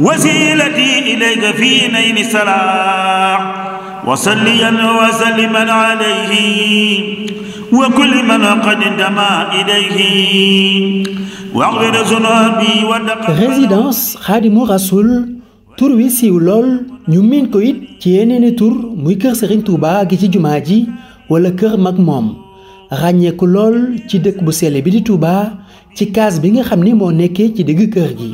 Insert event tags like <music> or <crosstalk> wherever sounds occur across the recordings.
وسيلتي إليك في نيل سلاح وصليا وسلما عليه وكل من قد انتمى إليه واغفر ذنوبي ودق résidence Khadimou Rassoul tur wi siiw lool ñu miin ko it ci yeneeni tur muy kër Serigne Touba gi ci jumaa ji wala kër mag moom ràññeeku lool ci dëkk bu sell bi di Touba ci kaas bi nga xam ni moo nekkee ci digg kër gi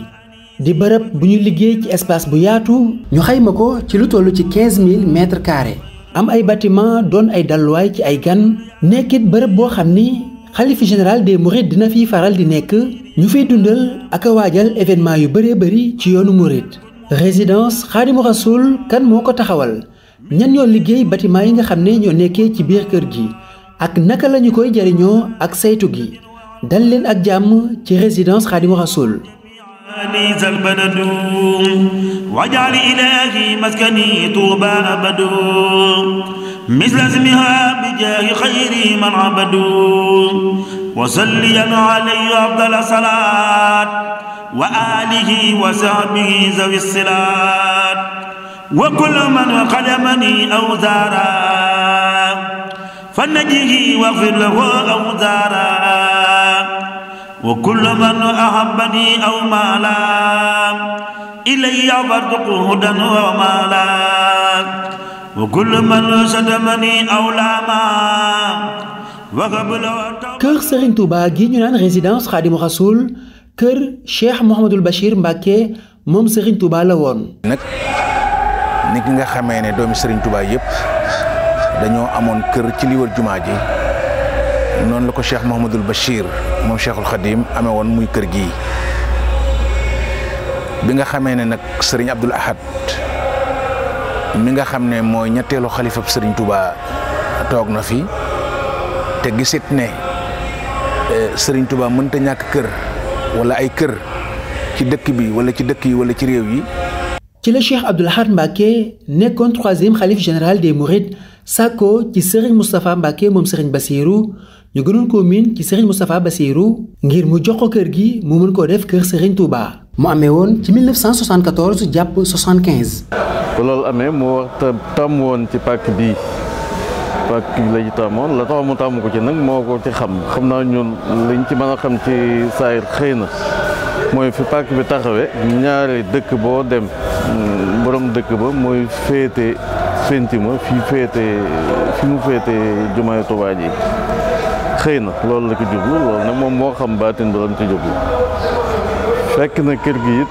di bërëb bu ñu liggéey ci espace bu yaatu ñu xayma ko ci lu toll ci 15000 mètres carrés am ay bâtiment doon ay dalluwaay ci ay gan nekkit bërëb boo xam ni xalifi général des mourides dina fiy faral di nekk ñu fiy dundal ak waajal événement yu bëree bëri ci yoonu mouride résidence xaadimu rasul kan moo ko taxawal ñan ñoo liggéey bâtiment yi nga xam ne ñoo nekkee ci biir kër gi ak naka lañu koy jariñoo ak saytu gi dal leen ak jàmm ci résidence xaadimu rasul أنيس البلد واجعل إلهي مسكني طوبى أبد مثل اسمها بجاه خير من عبد وصليا عليه أفضل الصلاة وآله وصحبه ذوي الصلاة وكل من خدمني أو زارا فنجيه واغفر له أو زارا وكل من أحبني أو مالا إلي برزقه هدى ومالا وكل من شتمني أو لاما وهب له kër Serigne gi ñu naan résidence Khadimou Rassoul kër Cheikh Mouhamadul Bachir Mbacke moom Serigne Touba la woon. nag nit ki nga xamee ne doomi sëriñtubaa yépp dañoo amoon kër ci li wër jumaa ji. noonu la ko cheikh Mouhamadul Bachir moom cheikhul Khadim amee woon muy kër gi bi nga xamee ne nag sëriñ Abdul Ahad mi nga xam ne mooy ñetteelu xalifab sëriñ Touba toog na fi te gisit ne e, sëriñ Touba mënta ñàkk kër wala ay kër ci dëkk bi wala ci dëkk yi wala ci réew yi. ci la cheikh Abdul Ahad Mbacke nekkoon troisième xalif général des Mourides sàkkoo ci sëriñ Moustapha Mbacke moom sëriñ Bassirou. ñu gënoon koo miin ci sëriñ Moustapha Bassirou ngir mu jox ko kër gi mu mën koo def kër sëriñ Touba. mu amee woon ci 1974 jàpp 75. ba loolu amee mu war tàmm woon ci pàkk bi pàkk bi la ñu tàmmoon la tax mu tàmm ko ci nag moo ko ci xam xam naa ñu lañu ci man a xam ci saayir xëy na mooy fi pàkk bi taxawee ñaari dëkk boo dem mm, borom dëkk ba mooy féete fenti ma fi féete fi mu féete jumaay Touba ji. xëy na loolu la ko jublu loolu nag moom moo xam baatin ba lam ci jublu fekk na kër gi it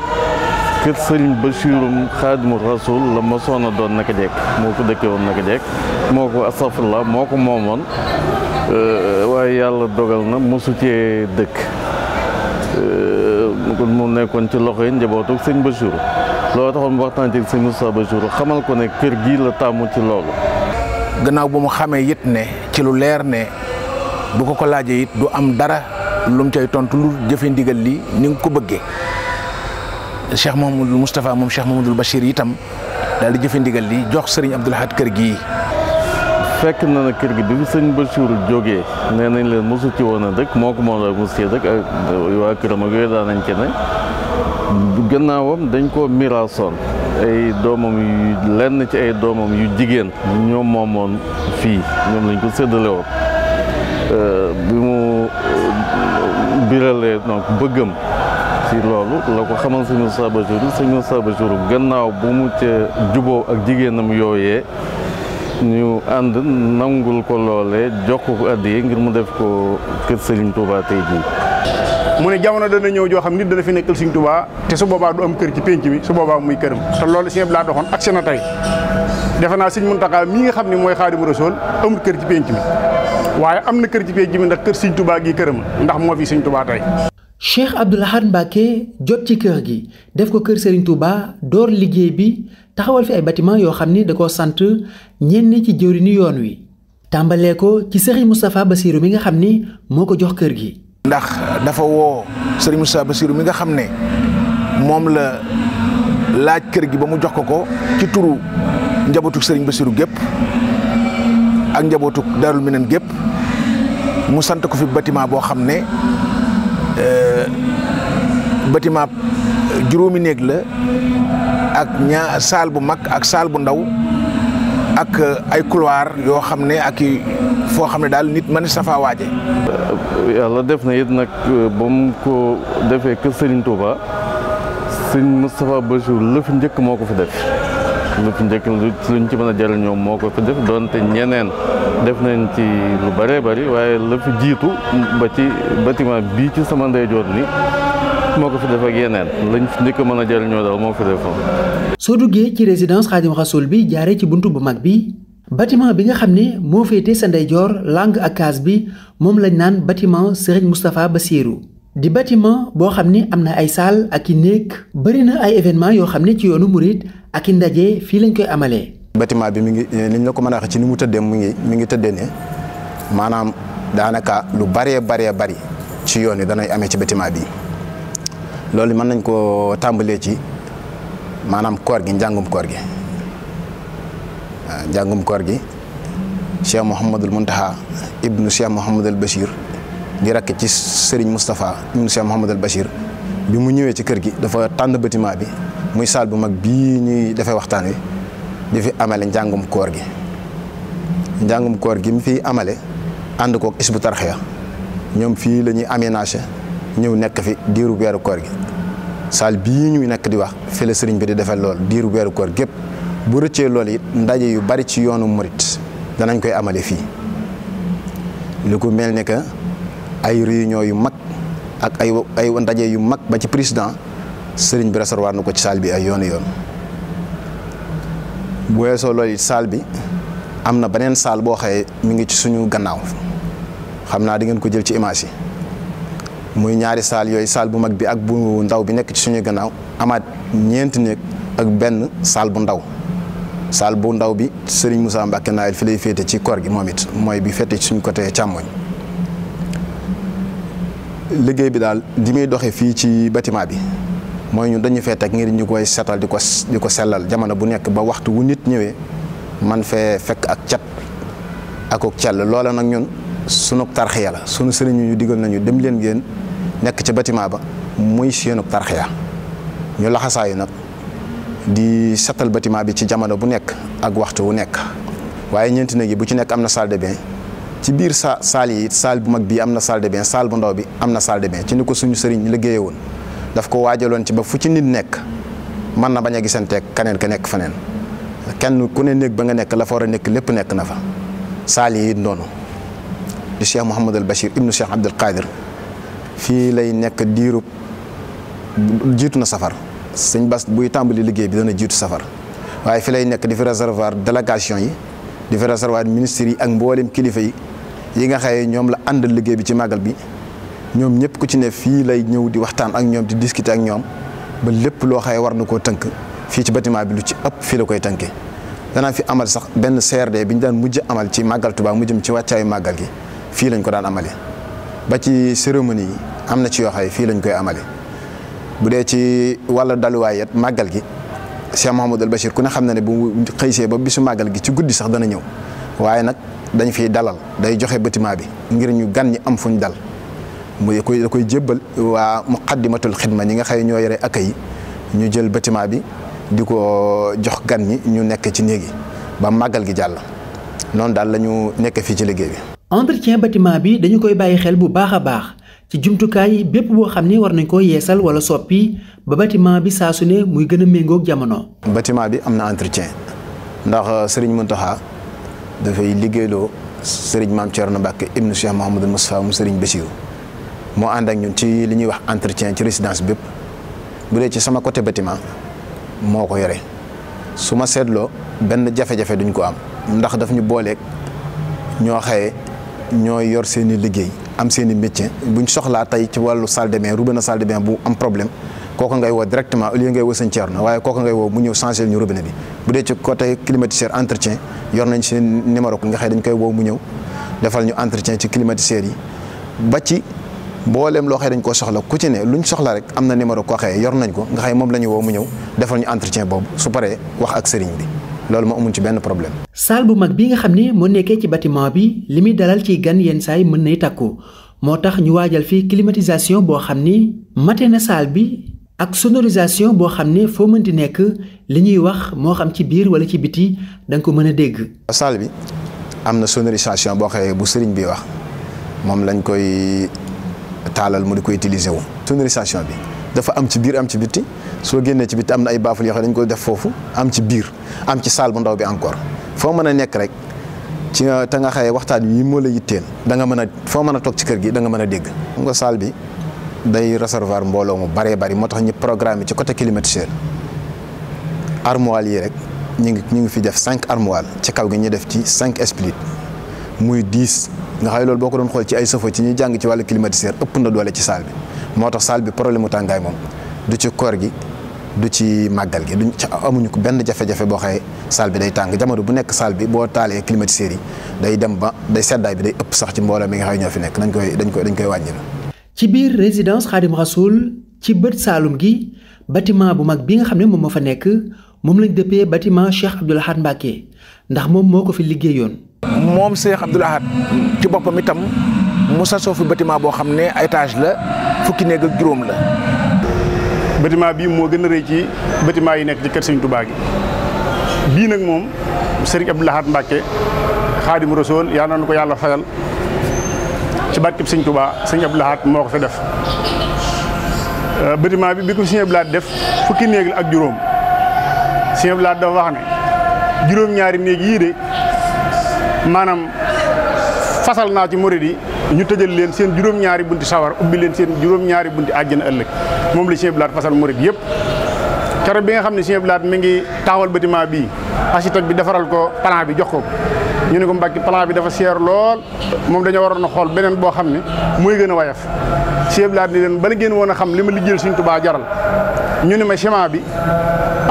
kër sëriñ Bachirum Xaadimu Rasuul la mosoon a doon naka jekk moo ko dëkke woon naka jekk moo ko astafurlah moo ko moomoon euh, waaye yàlla dogal na mosu cee dëkk euh, kon mu nekkoon ci loxo yi njabootu sëñ Bachir loolu taxoon mu waxtaan ci sëñ Moussa Bachir xamal ko ne kër gii la tàmmu ci loolu. gannaaw bu mu xamee it ne ci lu leer ne bu ko ko laajee it du am dara lu mu tontu lu jëfe ndigal li ni nga ko bëggee Cheikh Mouhamadul Moustapha moom Cheikh Mouhamadul Bachir itam daal di jëfe ndigal li jox sëriñ Abdoul Ahad kër gi fekk na na kër gi bi fi sëñ Bachir jógee nee nañ leen mosu woon a dëkk moo ko moo la mos cee dëkk ak waa këram ak yooyu daan nañ ci ne gannaawam dañ koo miraasoon ay doomam yu lenn ci ay doomam yu jigéen ñoom moomoon fii ñoom lañ ko séddale bi mu euh, biralee donc bëggam ci loolu la ko xamal sëñ Moussa Bassirou sëñ Moussa Bassirou gannaaw bu mu ca juboo ak jigéenam yooye ñu ànd nangul ko loolee jox ko addiya ngir mu def ko kër Serigne Touba tey jii mu ne jamono dana ñëw joo xam nit dana fi nekkal Sëriñ Tuubaa te su boobaa du am kër ci penc mi su boobaa muy këram te loolu si ñëpp laa doxoon ak na tey defe naa Sëriñ Muntaxa mii nga xam ne mooy Xaadimu Rasuul amul kër ci penc mi waaye am na kër ci penc mi ndax kër Sëriñ Tuubaa gi këram ndax moo fi Sëriñ Tuubaa tey. Cheikh Abdoul Ahad Mbacké jot ci kër gi def ko kër Serigne Touba door liggéey bi taxawal fi ay bâtiment yoo xam ni da ko sant ñenn ci jëwriñu yoon wi tàmbalee ko ci Serigne Moustapha Bassirou mi nga xam ni moo ko jox kër gi ndax dafa woo Serigne Moussa Bassirou mi nga xam ne moom la laaj kër gi ba mu jox ko ko ci turu njabootuk Serigne Bassirou gépp ak njabootuk Darul Minane gépp mu sant ko fi bâtiment boo xam ne euh, bâtiment juróomi néeg la ak ñaa saal bu mag ak saal bu ndaw ak euh, ay couloir yoo xam ne ak foo xam ne daal nit mën sa faa waaje euh, yàlla def na it nag euh, ba mu ko defee kër Serigne Touba ma Moustapha ba lu fi njëkk moo ko fi def lu fi njëkk luñ ci mën a ñoom moo ko fi def doonte ñeneen def nañ ci lu bëree bari waaye la jiitu ba ci bâtiment bii ci sama ndeyjoor ni moo ko fi def ak yeneen lañ li ko mën a jëriñoo daal moo fi defoon. soo duggee ci résidence Xaadim Rasoul bi jaaree ci buntu bu mag bi batiment bi nga xam ne moo féetee sa ndeyjoor langue ak kaas bi moom lañ naan bâtiment Serigne ba Bassirou di bâtiment boo xam ne am na ay salle ak i néeg bëri na ay événement yoo xam ne ci yoonu murit ak i ndaje fii lañ koy amalee. batiment bi mu ngi eh, ni ñu la ko mën a waxee ci ni mu tëddee mu ngi mu ngi tëddee ne maanaam daanaka lu baree baree bari ci yoon yi danay amee ci bâtiment bi. loolu mën nañ koo tàmbalee ci maanaam koor gi njàngum koor gi waaw njàngum koor gi Cheikh Mouhamadul Muntaha ibnu Cheikh Mouhamadul Bachir di rakk ci Serigne Moustapha ibnu Cheikh Mouhamadul bashir bi mu ñëwee ci kër gi dafa tànn bâtiment bi muy salle bu mag bii ñuy defee waxtaan wi di fi amale njàngum koor gi njàngum koor gi mu fi amale ànd kook Hizbut Tarqiyyah ñoom fii la ñuy aménagé ñëw nekk fi diiru weeru koor gi saal bii ñuy nekk di wax fi sëriñ bi di defal lool diiru weeru koor gépp bu rëccee lool it ndaje yu bari ci yoonu murit danañ koy amale fii li ko mel ne que ay réunion yu mag ak ay ay ndaje yu mag ba ci président sëriñ bi recevoir na ko ci saal bi ay yoonu yoon bu weesoo loolu it saal bi am na beneen saal boo xawee mi ngi ci suñu gannaaw xam naa dangeen ko jël ci image yi muy ñaari saal yooyu saal bu mag bi ak bu ndaw bi nekk ci suñu gannaaw amaat ñeenti néeg ak benn saal bu ndaw saal bu ndaw bi Serigne Moussa Mbacke Naël fi lay féete ci koor gi moom it mooy bi féete ci suñu côté càmmoñ liggéey bi daal di muy doxee fii ci bâtiment bi mooy ñun dañu fee teg ngir ñu koy setal di ko di ko sellal jamono bu nekk ba waxtu wu nit ñëwee man fee fekk ak cat ak ak cell loola nag ñun sunu tarxiya la sunu sëriñ ñu digal nañu dem leen ngeen nekk ci bâtiment ba muy seenu tarxiya ñu laxasaayu nag di setal bâtiment bi ci jamono bu nekk ak waxtu wu nekk waaye ñeenti nag yi bu ci nekk am na salle de bain ci biir sa saal yi saal bu mag bi am na salle de bain saal bu ndaw bi am na salle de bain ci ni ko suñu sëriñ liggéeye woon daf ko waajaloon ci ba fu ci nit nekk mën na bañ a gisanteek kaneen ka nekk feneen kenn ku ne néeg ba nga nekk la fa war a nekk lépp nekk na fa saal yi it noonu di Cheikh Mouhamadul Bachir ibnu fii lay nekk diirub jiitu na safar sëñ Bass buy tàmbali liggéey bi dana jiitu safar waaye fii lay nekk di fi réservoir délégation yi di fi réservoir ministres yi ak mboolem kilifa yi yi nga xayee ñoom la àndal liggéey bi ci màggal bi ñoom ñëpp ku ci ne fii lay ñëw di waxtaan ak ñoom di discuter ak ñoom ba lépp loo xaye war na koo tënk fii ci bâtiment bi lu ci ëpp fii la koy tënkee dana fi amal sax benn CRD bi ñu daan mujj amal ci màggal Tuubaa mu jëm ci wàccaayu màggal gi fii lañ ko daan amalee. ba ci cérémonie yi am na ci yoo xam fii lañ koy amale bu dee ci wàllu daluwaay it màggal gi Cheikh Mouhamadul Bachir ku ne xam na ne bu xëy xëysee ba bisu màggal gi ci guddi sax dana ñëw waaye nag dañ fiy dalal day joxe bâtiment bi ngir ñu gan ñi am fuñ dal muy koy da koy jébbal waa xaddimatul xidma ñi nga xëy ñoo yore ak yi ñu jël bâtiment bi di ko jox gan ñi ñu nekk ci néeg yi ba màggal gi jàll noonu daal lañu ñu nekk fii ci liggéey bi. entretien bâtiment bi dañu koy bàyyi xel bu baax a baax ci jumtukaay bépp boo xam ne war nañ ko yeesal wala soppi ba batiment bi saa su ne muy gën a méngoog jamono. batiment bi am na entretien ndax euh, Serigne Mountakha dafay liggéeyloo Serigne Mame Thierno Mbacke ibnu Cheikh Mouhamadul Moustapha mu Serigne Bassirou moo ànd ak ñun ci li ñuy wax entretien ci résidence bépp bu dee ci sama côté bâtiment moo ko yore su ma seetloo benn jafe-jafe duñ ko am ndax daf ñu booleeg ñoo xaye ñoo yor seen i liggéey am seen i métier buñ soxlaa tey ci wàllu salle de bain robinet salle de bain bu am problème kooku ngay woo directement au ngay woo seen ceer na waaye kooku ngay woo mu ñëw changer ñu robinet bi bu dee ci côté climatiseur yor nañ seen numéro ko nga xëy dañ koy woo mu ñëw defal ñu entretien ci climatiseur yi ba ci mbooleem loo xëy dañ ko soxla ku ci ne luñ soxla rek am na numéro koo xëy yor nañ ko nga xëy moom la ñu woo mu ñëw defal ñu entretien boobu su paree wax ak sëriñ bi loolu moo amuñ ci benn problème. salle bu mag bi nga xam ne moo nekkee ci bâtiment bi li muy dalal ci gan yenn saay mën nay takku moo tax ñu waajal fii climatisation boo xam ni mate na salle bi ak sonorisation boo xam ne foo mën mënti nekk li ñuy wax moo xam ci biir wala ci biti da ko mën a dégg. salle bi am na sonorisation boo xëyee bu sëriñ bi wax moom lañ koy taalal mu di ko utiliser wu sonorisation bi. dafa am ci biir am ci bitti soo génnee ci bitti am na ay baaful yoo xam ne dañu def foofu am ci biir am ci salle bu ndaw bi encore foo mën a nekk rek ci euh, te nga xayee waxtaan wi moo la yitteel da nga mën a foo mën a toog ci kër gi danga mën a dégg. xam nga salle bi day réservoir mbooloo mu baree bari moo tax ñu programme ci côté climatiseur armoire yii rek ñu ngi ñu ngi fi def cinq armoire ci kaw gi ñu def ci cinq split muy dix nga xay loolu boo ko doon xool ci ay sofo ci ñuy jàng ci wàllu ci salle bi. moo tax salle bi problème mu tàngaay moom du ci koor gi du ci màggal gi duñ amuñu ko benn jafe-jafe boo xëyee salle bi day tàng jamono bu nekk salle bi boo taalee climatiseur yi day dem ba day seddaay bi day ëpp sax ci mbooloo mi nga xëy ñoo fi nekk dañ koy dañ koy dañ koy wàññi ci biir résidence Khadim Rasoul ci bët saalum gi bâtiment bu mag bi nga xam ne moom ma fa nekk moom lañ dëppee bâtiment Cheikh Abdoul Ahad Mbacké ndax moom moo ko fi liggéey yoon moom Cheikh Abdoul ci boppam itam mu sasoo fi bâtiment boo xam ne étage la. fukki néeg ak juróom la. bâtiment bii moo gën a rëy ci bâtiment yi nekk ci kër Sëñ Touba gi bii nag moom Serigne Abdou Lahad Mbacke Xaadim Rasool yàlla na ko yàlla fayal ci barkeb Sëñ Touba Sëñ Abdou Lahad moo ko fi def. Euh, bâtiment bi bi ko Sëñ Abdou Lahad def fukki néeg la ak juróom Sëñ Abdou Lahad dafa wax ne juróom-ñaari néeg yii de maanaam fasal naa ci murid ñu tëjal leen seen juróom-ñaari bunti sawar ubbi leen seen juróom-ñaari bunti àjjana ëllëg moom li Sëñ Abdou Lahad fasal murid yëpp keroog bi nga xam ne Sëñ Abdou Lahad mi ngi taxawal bâtiment bii architecte bi defaral ko plan bi jox ko ñu ne ko Mbàkke plan bi dafa seer lool moom dañoo waroon a xool beneen boo xam ne muy gën a wayaf Sëñ Abdou Lahad leen ba génn woon a xam li ma liggéeyal Sëñ Tuubaa jaral ñu ne ma ciment bi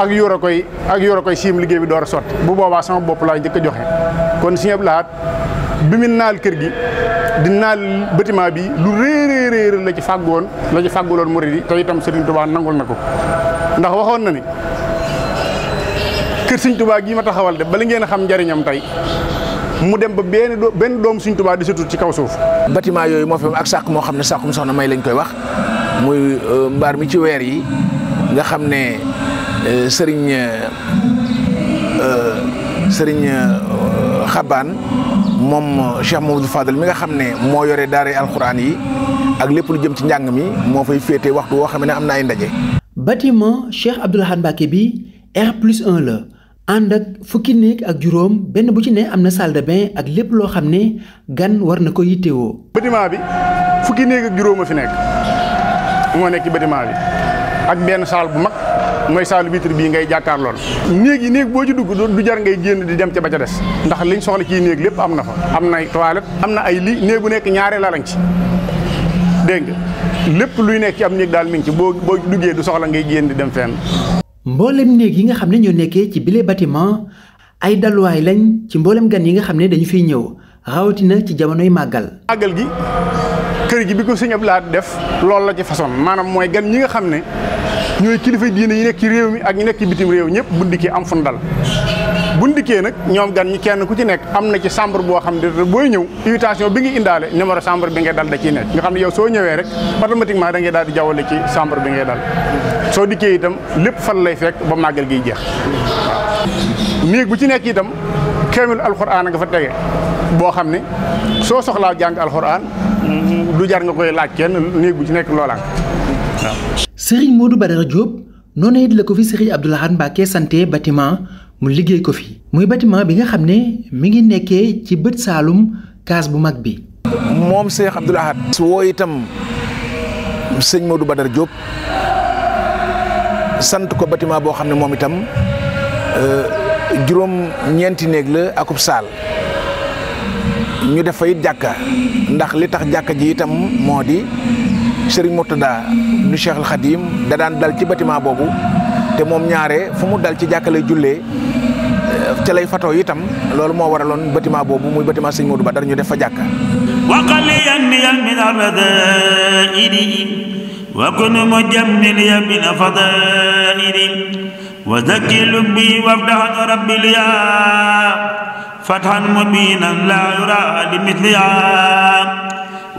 ak yor a koy ak yor a koy siim liggéey bi door a bu boobaa sama bopp laa njëkk joxe kon Sëñ Abdou gi di naal bâtiment bi lu réer réer la ci fàggoon la ci fàgguloon murid yi te itam Serigne Touba nangul na ko ndax waxoon na ni kër Serigne Touba gii ma taxawal de bala ngeen a xam njariñam tey mu dem ba benn benn doom Serigne Touba di sutur ci kaw suuf. bâtiment yooyu moo fi am ak sàq moo xam ne sax soxna may lañ koy wax muy euh, mbaar mi ci weer yi nga xam ne euh, Serigne euh, Serigne. xabaan moom Cheikh Mamadou Fadal mi nga xam ne moo yore daare alxuraan yi ak lépp lu jëm ci njàng mi moo fay féete waxtu woo xam ne am na ay ndaje. bâtiment Cheikh Abdoul Ahad Mbacké bi R plus 1 la ànd ak fukki néeg ak juróom benn bu ci ne am na salle de ak lépp loo xam ne gan war na ko yittewoo. bâtiment bi fukki néeg ak juróom a fi nekk moo nekk ci bâtiment bi ak benn salle bu mag. mooy saalu vitre bii ngay jàkkaarlool néeg yi néeg boo ci dugg du jar ngay génn di dem ca ba ca des ndax liñ soxla ciy néeg lépp am na fa am na toilette am na ay lii néeg bu nekk ñaaree lalañ ci dégg nga lépp luy nekk ci am néeg daal mi ci boo boo duggee du soxla ngay génn di dem fenn. mboolem néeg yi nga xam ne ñoo nekkee ci bile bâtiment ay daluwaay lañ ci mboolem gan yi nga xam ne dañu fiy ñëw rawatina ci jamonoy màggal. màggal gi kër gi bi ko sëñ laa Lahad def loolu la ci façon maanaam mooy gan ñi nga xam ne ñooy kilifa diine yi nekk ci réew mi ak ñu nekk ci bitim réew ñëpp bu ndikkee am fun dal bu ndikkee nag ñoom gan ñi kenn ku ci nekk am na ci chambre boo xam ne booy ñëw invitation bi nga indaale numéro chambre bi ngay dal da ciy nekk nga xam ne soo ñëwee rek automatiquement da ngay daal di jawwale ci chambre bi ngay dal soo dikkee itam lépp fan lay fekk ba màggal gi jeex waaw néeg bu ci nekk itam kaamil alxuraan nga fa tege boo xam ne soo soxlaa jàng alxuraan du jar nga koy laaj kenn néeg bu ci nekk loolaan waaw sëriñ Modou Badara jóob noonu it la ko fi sëriñ Abdou Lahad Mbacké santé bâtiment mu liggéey ko fi muy bâtiment bi nga xam ne mi ngi nekkee ci bët saalum kaas bu mag bi moom Cheikh Abdou su woo itam sëñ Modou Badara Diop sant ko bâtiment boo xam ne moom itam euh, juróom ñeenti néeg la akub saal ñu def fa jàkka ndax li tax jàkka ji itam moo di Serigne Mourtada du Cheikhul Khadim da daan dal ci bâtiment boobu te moom ñaare fu mu dal ci jàkkale jullee eh, ca lay fatoo itam loolu moo waraloon bâtiment boobu muy bâtiment Serigne Modou Badar ñu def fa jàkka waqaliyan miyan min almadaini wa kun mujammilan min alfadaili wa zakki lumbi wafdahan rabbi liya fathan mubinan la yura li mithliha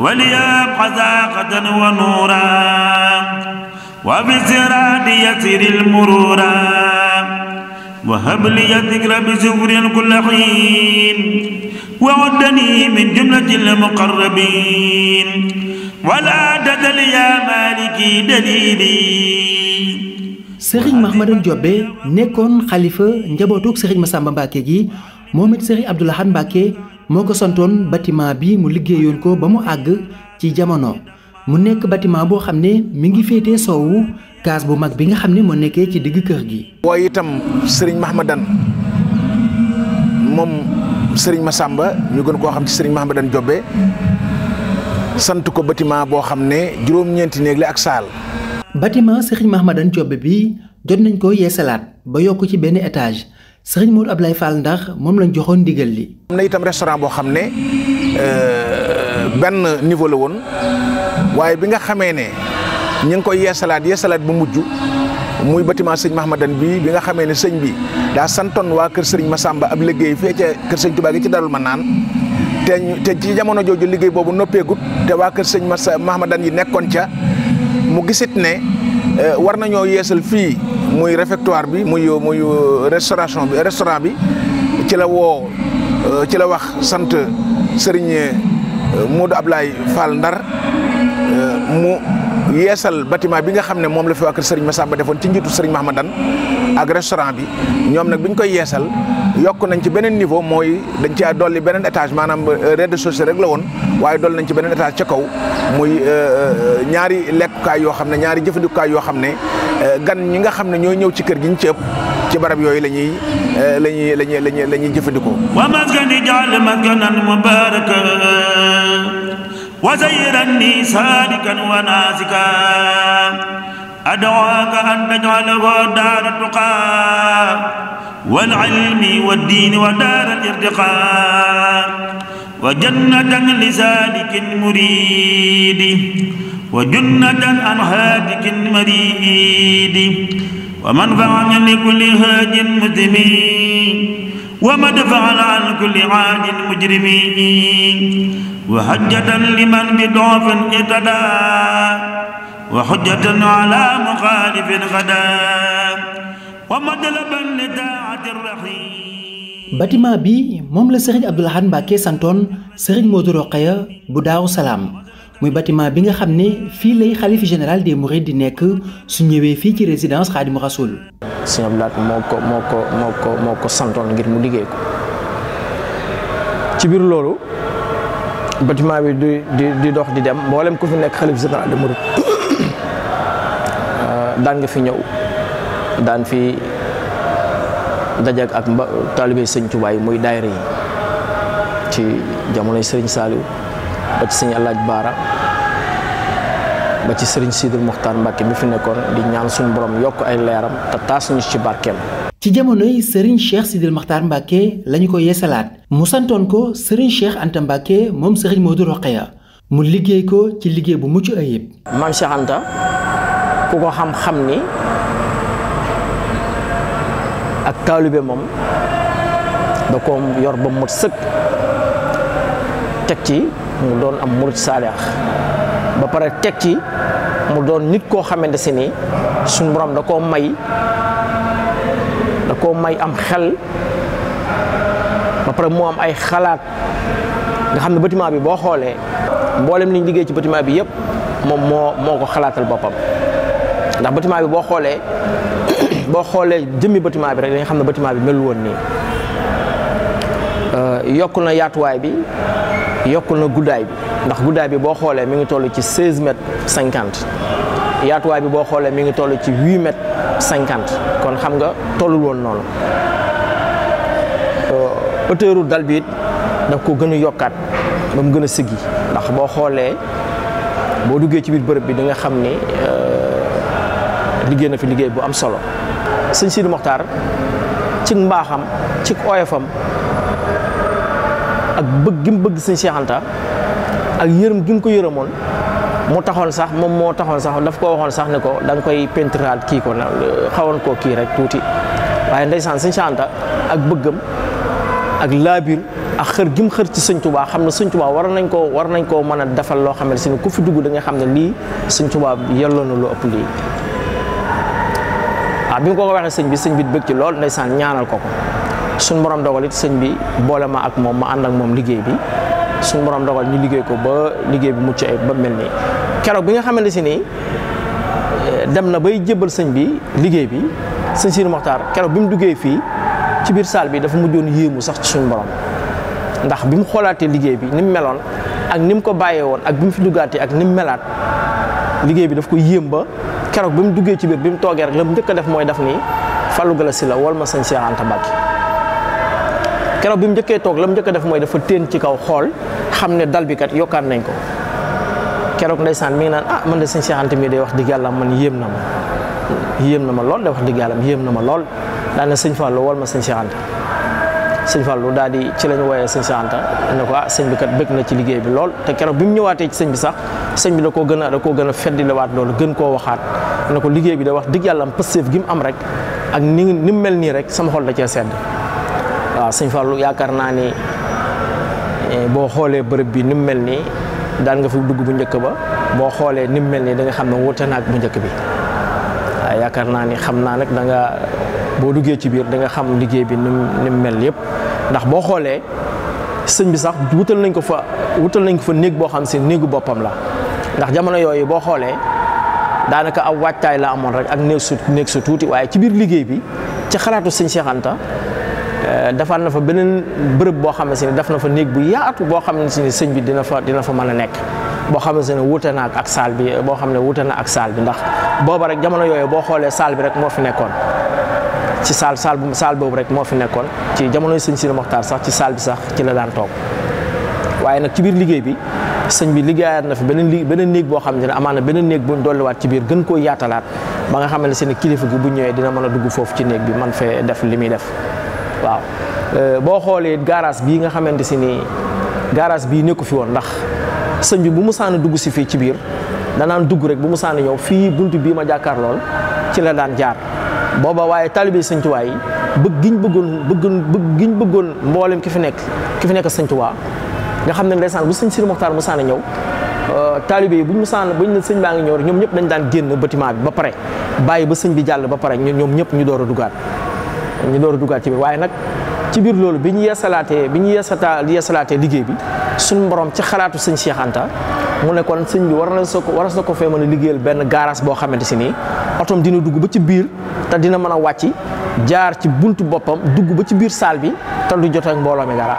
ولياب حذاقة ونورا وبسراد يسير المرورا وهب لي ذكر بسكر كل حين وعدني من جملة المقربين ولا تدل يا مالكي دليلي sëriñ Mahmadou Ndiobé nekkoon xalifa njabootug sëriñ Massamba Mbacke gi moom it sëriñ Abdoulahad Mbacke moo ko santoon bâtiment bi mu liggéeyoon ko ba mu àgg ci jamono mu nekk bâtiment boo xam ne mi ngi féetee soowu kaas bu mag bi nga xam ne moo nekkee ci diggu kër gi. woo itam sëriñ Mahmadan moom sëriñ ma sàmba ñu gën koo xam ci sëriñ Mahmadan Jobbe sant ko bâtiment boo xam ne juróom-ñeenti néeg la ak saal. bâtiment sëriñ Mahmadan Jobbe bi jot nañ ko yeesalaat ba yokk ci benn étage. sëriñ Modou Ablaye Fall Ndar moom lañ joxoon ndigal li. am na itam restaurant boo xam ne euh, benn niveau la woon waaye bi nga xamee ne ñu ngi koy yeesalaat yeesalaat bu mujj muy bâtiment sëñ Mahmadan bi bi nga xamee ne sëñ bi daa santoon waa kër sëriñ sàmba ab liggéey fee ca kër sëñ Touba gi ci Darul Manaan te te ci jamono jooju liggéey boobu noppeegut te waa kër sëñ ma Massa Mahmadan yi nekkoon ca mu gisit ne euh, war nañoo yeesal fii. muy réfectoire bi muy muy euh, restauration bi restaurant bi ci la woo euh, ci la wax sant ab euh, Modou Ablaye Fall Ndar mu yeesal bâtiment bi nga xam ne moom la fi waa kër Serigne Massamba defoon ci njiitu Serigne Mahamadan ak restaurant bi ñoom nag bi ñu koy yeesal yokk nañ ci beneen niveau mooy dañ ci dolli beneen étage maanaam rez-de-chaussée rek la woon waaye dool nañ ci beneen étage ca kaw muy ñaari lekkukaay yoo xam ne ñaari jëfandikukaay yoo xam ne Euh, gan ñi nga xam ne ñoo ñëw ci kër gi ñu ci ëpp ci barab yooyu la ñuy euh, la ñuy la ñuy la ñuy la ñuy jëfandikoo wa maskani jaal maskanan mubaraka wa sayran ni sadikan wa nasika adwaaka an tajalahu daara tuqa wal ilmi wa diini wa daara irtiqa wa jannatan li sadikin muridi وجنة عن هاتك مريد ومنفعا لكل هاد مدمين ومدفعا عن كل عاد مجرمين وحجة لمن بضعف اتدى وحجة على مخالف غدا ومطلبا لطاعة الرحيم bâtiment bi moom la sëriñ Abdoul Ahad Mbacké santoon sëriñ Modou Rokhaya bu Daaru Salaam muy batiment bi nga xam ne fii lay xalif général des Mourides di nekk su ñëwee fii ci résidence Khadimou Rassoul. sëñ Abdou Lahad moo ko moo ko moo ko moo ko santoon ngir mu liggéey ko ci biir loolu batiment bi di di dox di dem mbooleem ko fi nekk xalif général des Mourides <coughs> daan nga fi ñëw daan fi dajak ak mba taalibe sëñ Tuubaa yi muy daayira yi ci jamonoy Sëriñ Saliou. ba ci sëñ Alaaji ci sëriñ Sidil Muxtaar Mbàkke mi fi nekkoon di ñaan suñu borom yokk ay leeram te taas ñu ci barkeem ci jamonoy sëriñ Cheikh Sidil Muxtaar Mbàkke lañu ko yeesalaat mu santoon ko sëriñ Cheikh Anta Mbàkke moom sëriñ Modou Rokhaya mu liggéey ko ci liggéey bu mucc ayib. maam Cheikh Anta ku ko xam-xam ni ak taalibe moom da ko yor ba mu sëkk teg ci mu doon am murid saalix ba pare teg ci mu doon nit koo xamante si ni suñu borom da koo may da koo may am xel ba pare mu am ay xalaat nga xam ne bâtiment bi boo xoolee mboolem ni liggéey ci bâtiment bi yëpp moom moo moo ko xalaatal boppam ndax bâtiment bi boo xoolee <clears throat> boo xoolee jëmmi bâtiment bi rek dañuy xam ne bâtiment bi melul woon nii. Euh, yokk na yaatuwaay bi yokk na guddaay bi ndax guddaay bi boo xoolee mi ngi toll ci 16 mètres 50 yaatuwaay bi boo xoolee mi ngi toll ci 8 mètres 50 kon xam nga tollul woon noonu euh, auteuru dal bi it daf ko gën a yokkaat ba mu gën a siggi ndax boo xoolee boo duggee ci biir bërëb bi di nga xam ni euh, liggéey na fi liggéey bu am solo sëñ Sidi Moxtaar ci mbaaxam ci oyofam ak bëgg gi bëgg sëñ Cheikh ak yërëm gi ko yërëmoon mu taxoon sax moom moo taxoon sax daf ko waxoon sax ne ko danga koy peintural kii ko na xawoon koo kii rek tuuti waaye ndeysaan sëñ Cheikh Anta ak bëggam ak laabir ak xër gi xër ci sëñ Tuubaa xam ne sëñ Tuubaa war nañ koo war nañ koo mën a defal loo xam ne ku fi dugg da xam ne lii sëñ Tuubaa yelloo na lu ëpp lii waaw bi nga ko waxee sëñ bi sëñ bi bëgg ci lool ndeysaan ñaanal ko ko suñ borom dogal it sëñ bi boole ma ak moom ma ànd ak moom liggéey bi suñ borom dogal ñu liggéey ko ba liggéey bi mucc ay ba mel nii keroog bi nga xamante si nii eh, dem na bay jébbal sëñ bi liggéey bi sëñ Sidi Moxtaar bi mu duggee fii ci biir salle bi dafa mujjoon yéemu sax ci suñ borom ndax bi mu xoolaatee liggéey bi ni mu meloon ak ni mu ko bàyyee woon ak bi mu fi duggaatee ak ni mu melaat liggéey bi daf ko yéem ba keroog bi mu duggee ci biir bi mu toogee rek la mu njëkk a def mooy def nii Fallou Galass Sylla wol ma sëñ Cheikh Anta Mbacké keroog bi mu njëkkee toog la mu njëkk a def mooy dafa téen ci kaw xool xam ne dal bi kat yokkaat nañ ko keroog ndeysaan mi ngi naan ah man de sëñ mii day wax dëgg yàlla yéem na ma na ma lool day wax dëgg yàlla yéem na ma lool daan sëñ Fallou wol ma sëñ Cheikh Anta sëñ di ci lañ wooyee sëñ Cheikh Anta ne ko ah sëñ bi kat bëgg na ci liggéey bi lool te keroog bi mu ñëwaatee ci sëñ bi sax sëñ bi da koo gën a da koo gën a feddilewaat loolu gën koo waxaat na ko liggéey bi da wax dëgg yàlla am pësteef gi mu am rek ak ni ni mu mel nii rek sama xol da cee sedd waa sëñ Fallou yaakaar naa ni eh, boo xoolee bërëb bi ni mu mel nii daan nga fi dugg bu njëkk ba boo xoolee ni mu mel nii da xam ne wuute naag bu njëkk bi waaw yaakaar naa ni xam naa nag da boo duggee ci biir da nga xam liggéey bi ni ni mu mel yëpp ndax boo xoolee sëñ bi sax wutal nañ ko fa wutal nañ ko fa néeg boo xam si néegu boppam la ndax jamono yooyu boo xoolee daanaka aw waajtaay la amoon rek ak néeg su néeg su tuuti waaye ci biir liggéey bi ci xalaatu sëñ Cheikh Euh, defaat na fa beneen bërëb boo xam ne si def na fa néeg bu yaatu boo xam ne si ne sëñ bi dina fa dina fa mën a nekk boo xam ne si ne wuute ak saal bi boo xam ne wuute na ak saal bi ndax booba rek jamono yooyu boo xoolee saal bi rek moo fi nekkoon ci saal saal bu boobu rek moo fi nekkoon ci jamono sëñ Sidi Moxtaar sax ci saal bi sax ci la daan toog waaye nag ci biir liggéey bi sëñ bi liggéeyaat na fi beneen li beneen néeg boo xam ne amaana beneen néeg buñ dolliwaat ci biir gën koo yaatalaat ba nga xam ne seen kilifa gi bu ñëwee dina mën a dugg foofu ci néeg bi man fee def li muy def waaw euh, boo xoolee garage bii nga xamante si ni garage bii nekku fi woon ndax sëñ bi bu mu saan dugg si fii ci biir danaan dugg rek bu mu saan ñëw fii bunt bii ma jàkkaar lool ci la daan jaar booba waaye talibé sëñ Tuubaa yi bëgg giñ bëggoon bëggoon bëgg giñ bëggoon mboolem ki fi nekk ki fi nekk sëñ Tuubaa nga xam ne ndeysaan bu sëñ Sidi Moxtaar mu saan ñëw euh, taalibe yi buñ mu saan buñ ne sëñ baa ngi ñëw rek ñoom ñëpp dañ daan génn bâtiment bi ba pare bàyyi ba sëñ bi jàll ba pare ñoom ñëpp ñu door a dugaat ñu door a duggaat ci biir waaye nag ci biir loolu bi ñu yeesalaatee bi ñu yeesata yeesalaatee liggéey bi suñu mboroom ci xalaatu sëñ Cheikh Anta mu ne sëñ bi war na sa ko war ko fee mën a liggéeyal benn garage boo xamante si nii otom dina dugg ba ci biir te dina mën a wàcc jaar ci buntu boppam dugg ba ci biir saal bi te du jot ak mbooloo mi dara.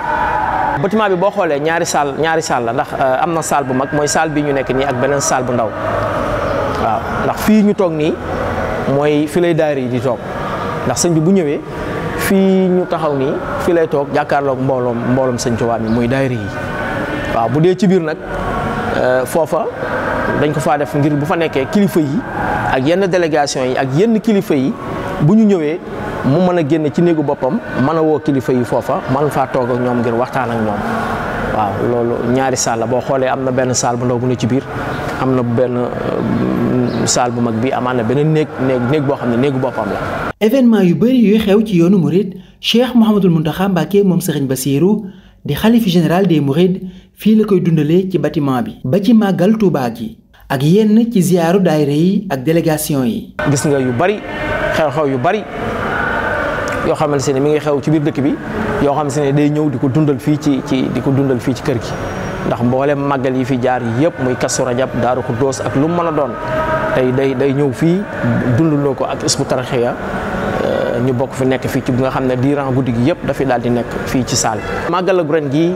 bâtiment bi boo xoolee ñaari salle ñaari salle la ndax euh, am na salle bu mag mooy salle bi ñu nekk nii ak beneen salle bu ndaw waaw ndax fii ñu toog nii mooy fi lay daayira yi di ndax sëñ bi bu ñëwee fii ñu taxaw nii fii lay toog jàkkaarloog mbooloom mbooloom sëñ Tuubaa mi muy daayira yi waaw bu dee ci biir nag euh, foofa dañ ko faa def ngir bu fa nekkee kilifa yi ak yenn délégation yi ak yenn kilifa yi bu ñu ñëwee mu mën a génn ci néegu boppam mën a woo kilifa yi foofa mën faa toog ak ñoom ngir waxtaan ak ñoom. waaw loolu ñaari saal la boo xoolee am na benn saal bu ndaw bu ne ci biir am na benn euh, saal bu mag bi amaan na benn néeg néeg néeg boo xam ne néegu boppam la. événement yu bëri yuy xew ci yoonu Mouride Cheikh Mouhamadul Mountakha Mbacké moom ba siiru di xalifi général des Mourides fii la koy dundalee ci batiment bi. ba ci màggal Touba yi ak yenn ci ziyaaru daayira yi ak délégation yi. gis nga yu bari xew-xew yu bari yoo xamante ne mi ngi xew ci biir dëkk bi. yoo xam si ne day ñëw di ko dundal fii ci ci di ko dundal fii ci kër gi ndax mboolem màggal yi fi jaar yëpp muy Kazu Rajab Daaru Xudoos ak lu mu mën a doon tey day day ñëw fii dundaloo ko ak Hizbut Tarqiyyah euh, ñu bokk fi nekk fii ci bu nga xam ne diiran guddi yëpp dafay daal di nekk fii ci saal màggal gu ren gi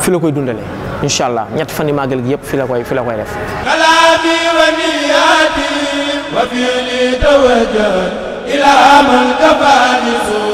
fi la koy dundale incha allah ñett fa yi màggal gi yëpp fi la koy fi la koy def kalaami wa niyaati wa fiili tawajjah ila man kafaani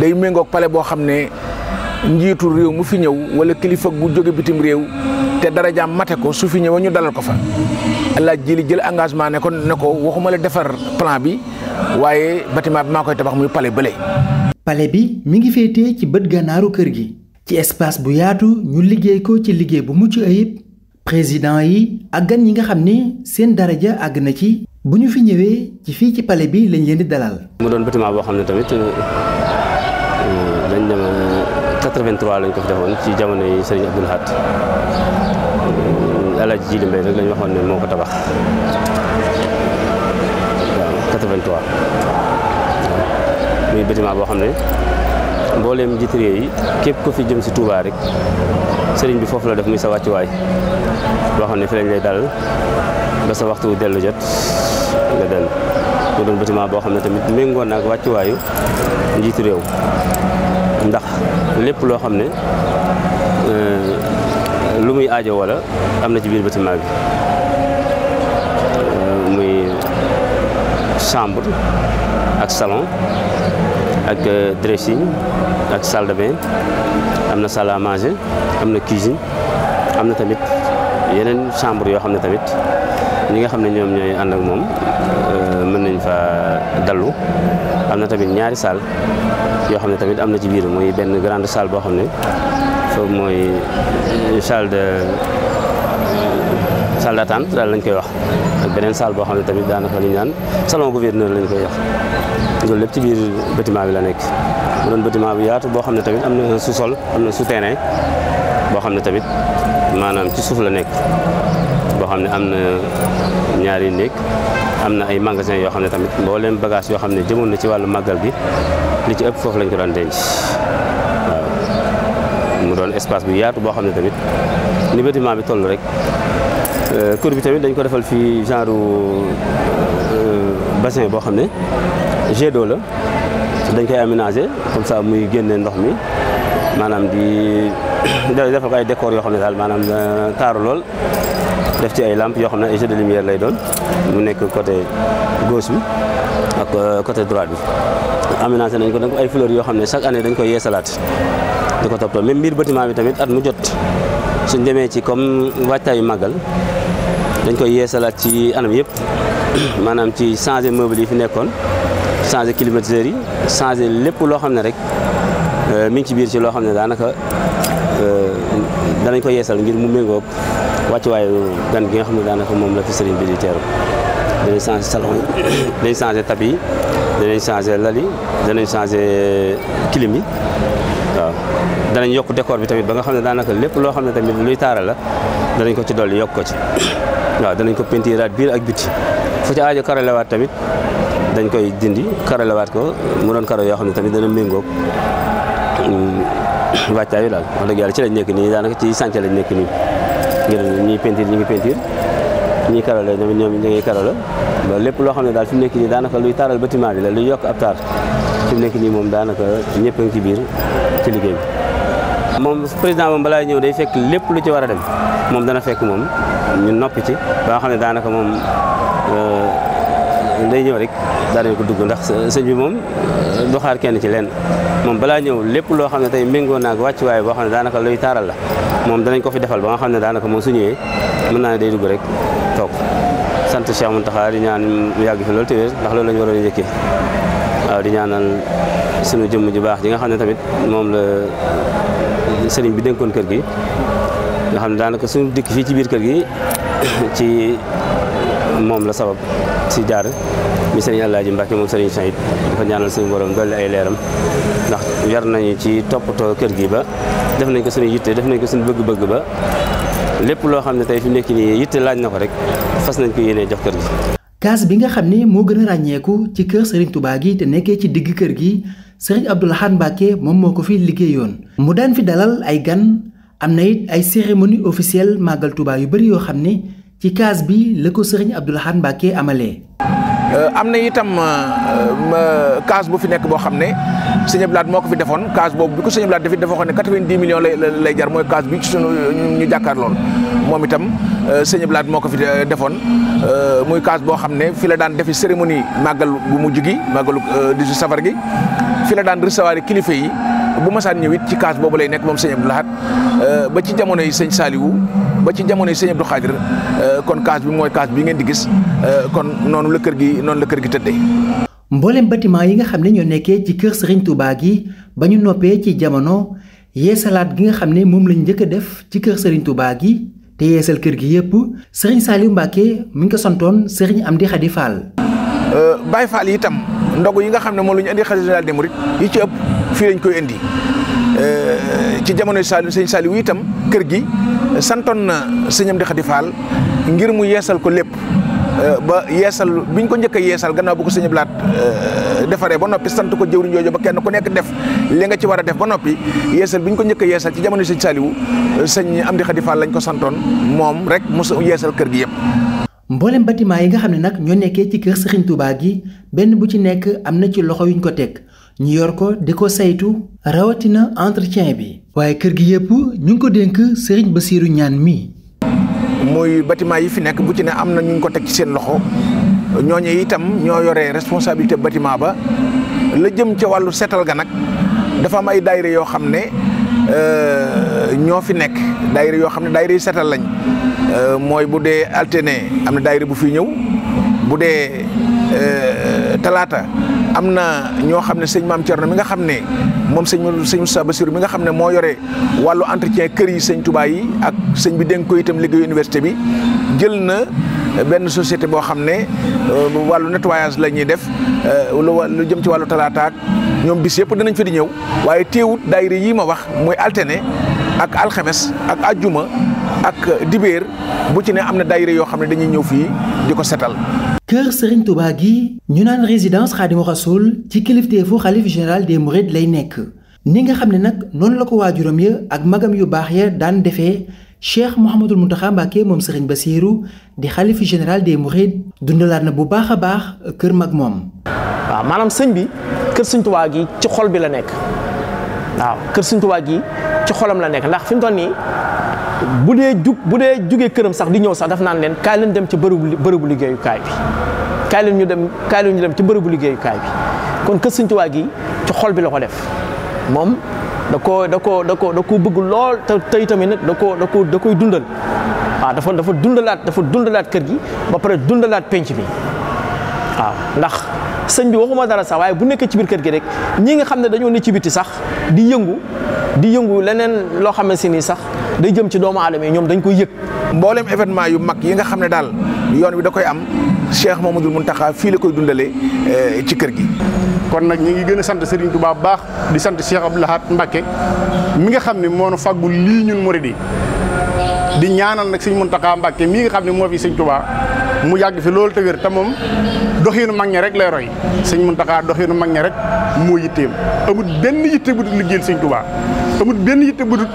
day méngoog pale boo xam ne njiitu réew mu fi ñëw wala kilifa gu jóge bitim réew te dara jaam mate ko su fi ñëwee ñu dalal ko fa laaj ji li jël engagement ne ko ne ko la defar plan bi waaye bâtiment bi maa koy tabax muy pale bële. pale bi mi ngi féetee ci bët gànnaaru kër gi ci espace bu yaatu ñu liggéey ko ci liggéey bu mucc ayib président yi ak gan yi nga xam ne seen daraja àgg na ci bu ñu fi ñëwee ci fii ci pale bi lañ leen di dalal. mu doon bâtiment boo xam ne tamit. Euh, dañ dem 83 euh, lañ ko fi defoon ci jamono yi Serigne Abdoul Ahad euh, El Hadj Djily Mbaye rek lañ waxoon ne moo ko tabax waaw 83 waaw muy bâtiment boo xam ne mbooleem jiite yi képp ko fi jëm si tuubaa rek sëriñ bi foofu la def muy sa wàccuwaay boo xam ne fi lay dal ba sa waxtu dellu jot nga dellu. mu doon bâtiment boo xam ne tamit méngoon na ak wàccuwaayu njiitu réew ndax lépp loo xam ne euh, lu muy aajo wala am na ci biir bâtiment bi euh, muy chambre ak salon ak euh, dressing ak salle am na salle à am na cuisine am na tamit yeneen chambre yoo xam ne tamit ñi nga xam ne ñoom ñooy ànd ak moom euh, mën nañ fa dallu am na tamit ñaari salle yoo xam ne tamit am na ci biir mooy benn grande salle boo xam ne foofu mooy euh, salle de euh, salle d'attente lañ koy wax beneen salle boo xam ne tamit daanaka li ñu naan salon gouverneur lañu koy wax loolu lépp ci biir bâtiment bi la nekk mu doon bâtiment yaatu boo xam ne tamit am na su sol am na su souterrain boo xam ne tamit maanaam ci suuf la nekk boo xam ne am na ñaari néeg am na ay magasin yoo xam ne tamit mbooleen bagage yoo xam ne jëmoon na ci wàllu màggal gi li ci ëpp foofu lañ ko daan denc waaw mu doon espace bu yaatu boo xam ne tamit ni bâtiment bi toll rek euh, cour bi tamit dañ ko defal fii genre euh, bassin boo xam ne jet dañ koy aménager comme ça muy génne ndox mi maanaam di <coughs> defal ko ay décor yoo xam ne daal maanaam euh, taaru lool def ci ay lampes yoo xam ne ay jeux de lumière lay doon mu nekk côté gauche bi ak euh, côté droite bi aménagé nañ ko donc ay fleurs yoo xam ne chaque année dañ koy yeesalaat di ko toppatoo même biir bâtiment bi tamit at mu jot suñ demee ci comme waajtaayu màggal dañ koy yeesalaat ci anam yëpp <clears throat> maanaam ci changer meuble yi fi nekkoon changer climatiseur yi changer lépp loo xam ne rek euh, mi ngi ci biir ci loo xam ne daanaka euh, danañ ko yeesal ngir mu méngoog wàccuwaayu gan gi nga xam ne daanaka moom la fi sëriñ bi di teeru danañ changé salon danañ changé tab yi danañ changé lal yi danañ changé clim yi waaw danañ yokk décor bi tamit ba nga xam ne daanaka lépp loo xam ne tamit luy taara la danañ ko ci dolli yokk ko ci waaw danañ ko pentiraat biir ak biti foo ci aajo karalewaat tamit dañ koy dindi karalewaat ko mu doon karo yoo xam ne tamit dana méngoog mm, wàccaay yi daal wax dëgg yàlla ci lañ nekk nii daanaka ci sànce lañ nekk nii ngir ñiy peinture ñi ngi peinture ñiy karole ñoom ñoom ñi ngi karole ba lépp loo xam ne daal fi mu nekk nii daanaka luy taaral bâtiment bi la luy yokk ab taar fi nekk nii moom daanaka ñëpp a ci biir ci liggéey bi. moom président moom balaa ñëw day fekk lépp lu ci war a dem moom dana fekk moom ñu noppi ci ba xam ne daanaka moom. Euh, day ñëw rek daanañ ko dugg ndax sëñ bi moom euh, du xaar kenn ci leen moom balaa ñëw lépp loo xam ne tey méngoo wàcc waaye boo xam ne daanaka luy taaral la moom danañ ko fi defal ba nga xam ne daanaka moom su ñëwee mën naa ne dugg rek toog sant Cheikh Mountakha di ñaan yàgg fi loolu te wér loolu la ñu waroon a njëkkee jëmm ju baax ji nga xam ne tamit moom la bi dénkoon kër gi nga xam ne daanaka suñu dikk fii ci biir kër gi moom la sabab si jaar mi sëriñ Alaaji Mbàkke moom sëriñ Sayid dafa ñaanal suñu borom dolli ay leeram ndax yar nañu ci toppatoo kër gi ba def nañ ko suñu yitte def nañ ko suñu bëgg-bëgg ba lépp loo xam ne tey fi nekk nii yitte laaj na ko rek fas nañ ko yéenee jox kër gi. kaas bi nga xam ne moo gën a ràññeeku ci kër sëriñ tubaa gi te nekkee ci digg kër gi sëriñ Abdou Lahad Mbàkke moom moo ko fi liggéeyoon. mu daan fi dalal ay gan am na it ay cérémonie officielle màggal Touba yu bari yoo xam ne. ci kaas bi la ko sëriñ Abdoul Ahad Mbacké amalee. Euh, am na itam kaas euh, bu fi nekk boo xam ne. sëñ Abdou Lahad moo ko fi defoon case boobu bi ko sëñ Abdou Lahad defit dafa waxoon ne quatre-vingt-dix millions lay jar mooy case bi ci sunu ñu jàkkaar lool moom itam euh, sëñ laat moo ko fi euh, defoon euh, muy kaas boo xam ne fi la daan defi cérémonie màggal bu mujj gi màggalu 18 safar gi fi la daan recevoir kilifa yi bu masaan ñëw it ci case boobu lay nekk moom sëñ Abdou ba ci jamono yi sëñ Saliou ba ci jamono yi sëñ Abdou kon case bi mooy case bi ngeen di gis kon noonu la kër gi noonu la kër gi tëddee mboolem bâtiment yi nga xam ne ñoo nekkee ci kër Serigne Touba gi ba ñu noppee ci jamono yeesalaat gi nga xam ne moom lañ njëkk a def ci kër Serigne Touba gi te yeesal kër gi yépp Serigne Saliou Mbacke mi ngi ko santoon Serigne Amdi Khady Fall. Euh, Baye Fall itam ndogu yi nga xam ne moom la ñu indi xalifa général des mourides fii lañ koy indi euh, ci jamonoy Saliou sëñ itam kër gi santoon na sëñ Amdi Khady Fall ngir mu yeesal ko lépp. Euh, ba yeesal bi ñu ko njëkk yeesal gannaaw bu ko sëñ laat euh, defaree ba noppi sant ko jëwriñ jooju ba kenn ku nekk def li nga ci war a def ba noppi yeesal bi ñu ko njëkk a yeesal ci jamono sëñ Saliou sañ am Khady Fall lañ ko santoon moom rek mos yeesal kër gi yëpp. mboolem bâtiment yi nga xam ne nag ñoo nekkee ci kër Serigne Touba gi benn bu ci nekk am na ci loxo yuñ ko teg ñu yor ko di ko saytu rawatina entretien bi. waaye kër gi yëpp ñu ngi ko dénk Serigne Bassirou ñaan mi mooy bâtiment yi fi nekk bu ci ne am na ñu ko teg ci seen loxo ñooñu itam ñoo yore responsabilité bâtiment ba la jëm ca wàllu setal ga nag dafa am ay daayira yoo xam ne euh, ñoo fi nekk daayira yoo xam ne daayira yi setal lañ euh, mooy bu dee alterné am na daayira bu fi ñëw. bu dee euh, talaata am na ñoo xam ne sëñ maam na mi nga xam ne moom sëñ sëñ Moussa Bassirou mi nga xam ne moo yore wàllu entretien kër yi sëñ Touba yi ak sëñ bi dénk ko itam liggéeyu université bi jël na benn société boo xam ne euh, wàllu nettoyage la ñuy def euh, lu jëm ci wàllu talaata ñoom bis yëpp danañ fa di ñëw waaye teewut daayira yi ma wax muy alterné. ak alxemes ak ajjuma ak dibéer bu ci ne am na daayira yoo xam ne dañuy ñëw fii di ko setal kër Serigne Touba gi ñu naan résidence Khadimou Rassoul ci kilifteefu xalif général des mourides lay nekk ni nga xam ne nag noonu la ko waajuram ya ak magam yu baax ya daan defee cheikh Mouhamadul Mountakha Mbacké moom ba siiru di xalif général de mourides dundalaat na bu baax a baax kër mag moom. waaw maanaam sëñ bi kër Serigne Touba gi ci xol bi la nekk waaw kër Serigne gi. ci xolam la nekk ndax fi mu toll nii bu dee jug bu dee jugee këram sax di ñëw sax daf naan leen kaay leen dem ci bërëbu bërëbu liggéeyukaay bi kaay leen ñu dem kaay ñu dem ci bërëbu liggéeyukaay bi kon kër Sëñ gi ci xol bi la ko def moom da koo da koo koo da koo bëgg lool te tey tamit nag da koo da da koy dundal waaw dafa dafa dundalaat dafa dundalaat kër gi ba pare dundalaat penc mi waaw ndax sëñ bi waxuma dara sax waaye bu nekkee ci biir kër gi rek ñi nga xam ne dañoo ne ci biti sax di yëngu di yëngu leneen loo xamante si nii sax da jëm ci doomu aadama ñoom dañ koy yëg. mboolem événement yu mag yi nga xam ne daal yoon wi da koy am Cheikh Mamadou Mountakha fii la koy dundalee eh, ci kër gi. kon nag ñu ngi gën a sant Serigne Touba bu baax di sant Cheikh Abdou Lahad Mbacké mi nga xam ne moo nu fàggul lii ñun murid di ñaanal nag Serigne Mountakha Mbacké mii nga xam ne moo fi Serigne Touba. mu yàgg fi loolu te wér te moom doxiinu mag ñi rek lay roy sëñ Muntaxa doxiinu mag ñi rek moo yitteem amul benn yitte bu dul liggéeyal sëñ Tuubaa amul benn yitte bu dul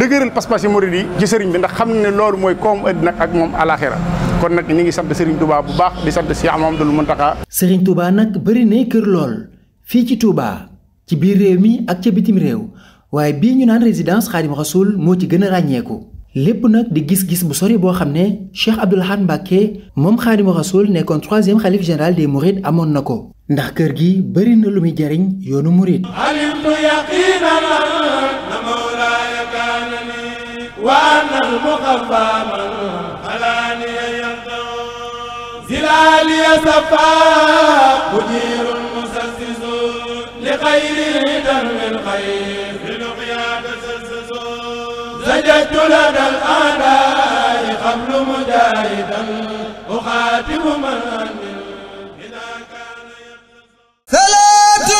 dëgëral pas-pas yi murid ci sëriñ bi ndax xam ne loolu mooy koom ëdd nag ak moom alaxira kon nag ñi ngi sant sëriñ Tuubaa bu baax di sant Cheikh Mamadou Muntaxa sëriñ Tuubaa nag bëri na kër lool fii ci Tuubaa ci biir réew mi ak ca bitim réew waaye bii ñu naan résidence Xaadim Rasuul moo ci gën ràññeeku lépp nag di gis-gis bu sori boo xam ne Cheikh Abdoul Ahad Mbacké moom Xaadimu Rasuul nekkoon troisième xalif général des Mourides amoon na ko ndax kër gi bari na lu muy jariñ yoonu murid alimtu yaqinan na mawlaaya kaanani wa anal muqaffama alaaniya yaqdan zilaliya safa شهدت لدى الأعداء قبل مجاهدا أخاتم من إذا كان ثلاث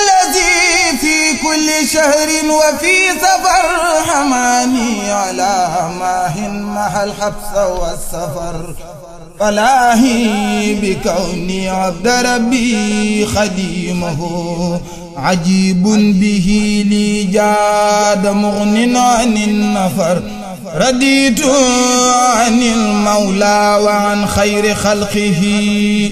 الذي في كل شهر وفي سفر حماني على ماه مع الحبس والسفر falaahi bi kawni abd rabbi xadimahu ajibun bihi li jaada mugnin anin nafar raditu anil mawla wa an xayri xalqihi